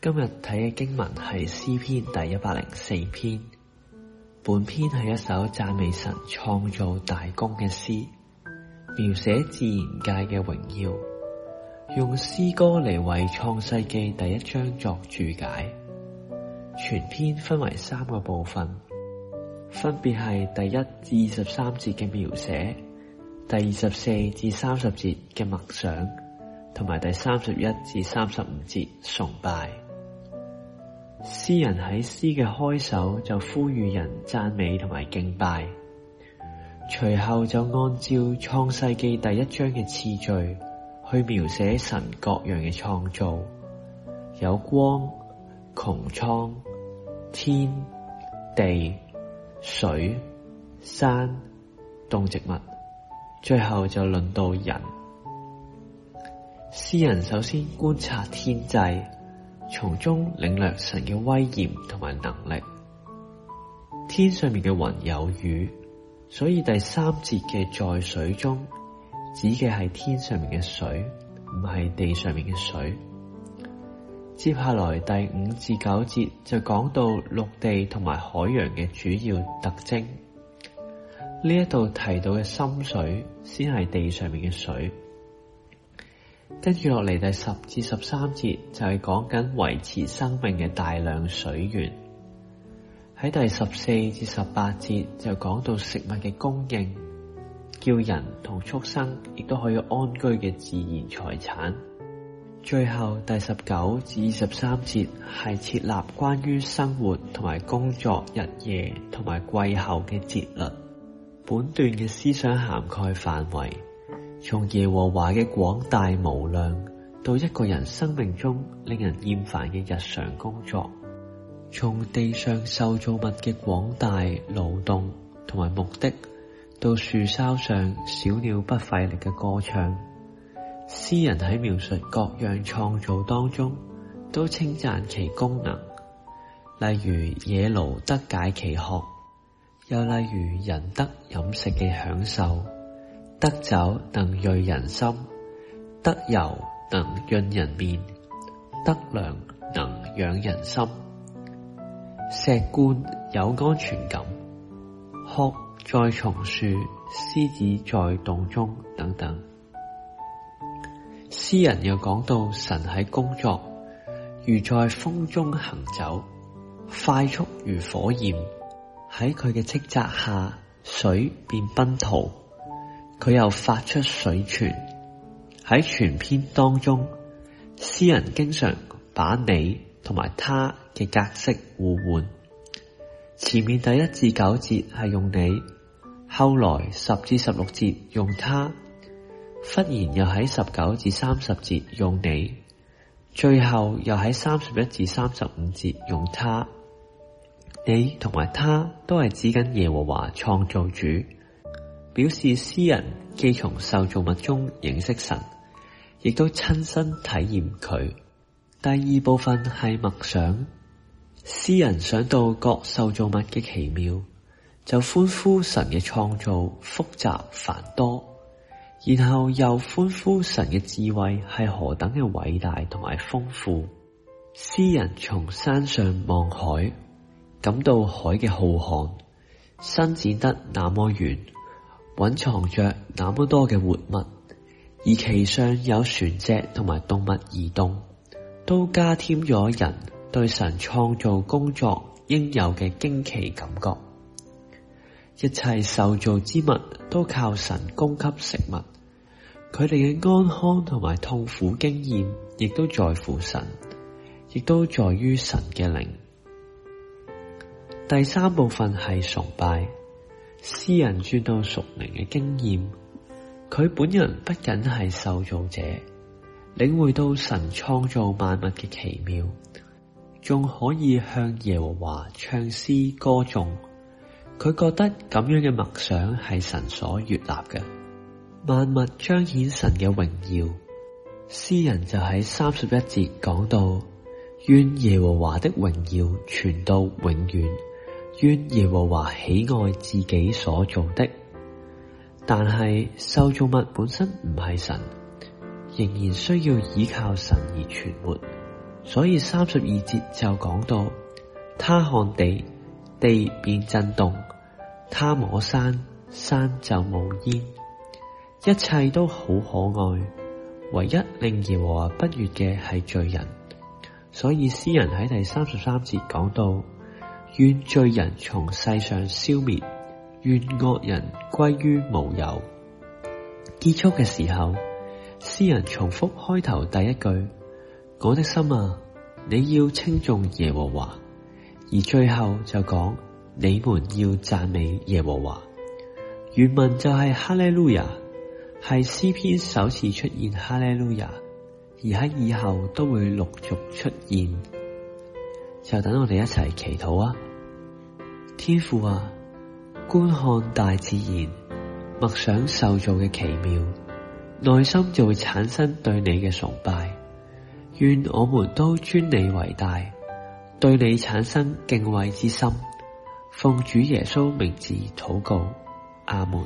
今日睇嘅經文係詩篇第一百零四篇，本篇係一首讚美神創造大功嘅詩，描寫自然界嘅榮耀，用詩歌嚟為創世紀第一章作注解。全篇分為三個部分，分別係第一至二十三節嘅描寫，第二十四至三十節嘅默想，同埋第三十一至三十五節崇拜。詩人喺詩嘅開首就呼籲人讚美同埋敬拜，隨後就按照創世紀第一章嘅次序去描寫神各樣嘅創造，有光、穹蒼、天地、水、山、動植物，最後就輪到人。詩人首先觀察天際。從中領略神嘅威嚴同埋能力。天上面嘅雲有雨，所以第三節嘅在水中指嘅係天上面嘅水，唔係地上面嘅水。接下來第五至九節就講到陸地同埋海洋嘅主要特徵。呢一度提到嘅深水先係地上面嘅水。跟住落嚟，第十至十三節就係講緊維持生命嘅大量水源；喺第十四至十八節就講到食物嘅供應，叫人同畜生亦都可以安居嘅自然財產。最後第十九至二十三節係設立關於生活同埋工作日夜同埋季候嘅節律。本段嘅思想涵蓋範，範圍。從耶和華嘅廣大無量，到一個人生命中令人厭煩嘅日常工作；從地上受造物嘅廣大勞動同埋目的，到樹梢上小鳥不費力嘅歌唱，詩人喺描述各樣創造當中，都稱讚其功能，例如野驢得解其渴，又例如人得飲食嘅享受。得酒能悅人心，得油能潤人面，得糧能養人心。石獾有安全感，鸛在松樹，獅子在洞中，等等。詩人又講到神喺工作，如在風中行走，快速如火焰，喺佢嘅斥責下，水便奔逃。佢又發出水泉。喺全篇當中，詩人經常把你同埋他嘅格式互換。前面第一至九節係用你，後來十至十六節用他，忽然又喺十九至三十節用你，最後又喺三十一至三十五節用他。你同埋他都係指緊耶和華創造主。表示詩人既從受造物中認識神，亦都親身體驗佢。第二部分係默想，詩人想到各受造物嘅奇妙，就歡呼神嘅創造複雜繁多，然後又歡呼神嘅智慧係何等嘅偉大同埋豐富。詩人從山上望海，感到海嘅浩瀚，伸展得那麼遠。蘊藏着那麼多嘅活物，而其上有船隻同埋動物移動，都加添咗人對神創造工作應有嘅驚奇感覺。一切受造之物都靠神供給食物，佢哋嘅安康同埋痛苦經驗，亦都在乎神，亦都在於神嘅靈。第三部分係崇拜。詩人轉到屬靈嘅經驗，佢本人不僅係受造者，領會到神創造萬物嘅奇妙，仲可以向耶和華唱詩歌頌。佢覺得咁樣嘅默想係神所悦納嘅，萬物彰顯神嘅榮耀。詩人就喺三十一節講到，願耶和華的榮耀傳到永遠。願耶和華喜愛自己所造的，但係受造物本身唔係神，仍然需要依靠神而存活。所以三十二節就講到，他看地，地便震動；他摸山，山就冒煙。一切都好可愛，唯一令耶和華不悅嘅係罪人。所以詩人喺第三十三節講到。願罪人從世上消滅，願惡人歸於無有。結束嘅時候，詩人重複開頭第一句：我的心啊，你要稱頌耶和華。而最後就講你們要讚美耶和華。原文就係哈利路亞，係詩篇首次出現哈利路亞，而喺以後都會陸續出現。就等我哋一齊祈禱啊！天父啊，觀看大自然，默想受造嘅奇妙，內心就會產生對你嘅崇拜。願我們都尊你為大，對你產生敬畏之心，奉主耶穌名字禱告，阿門。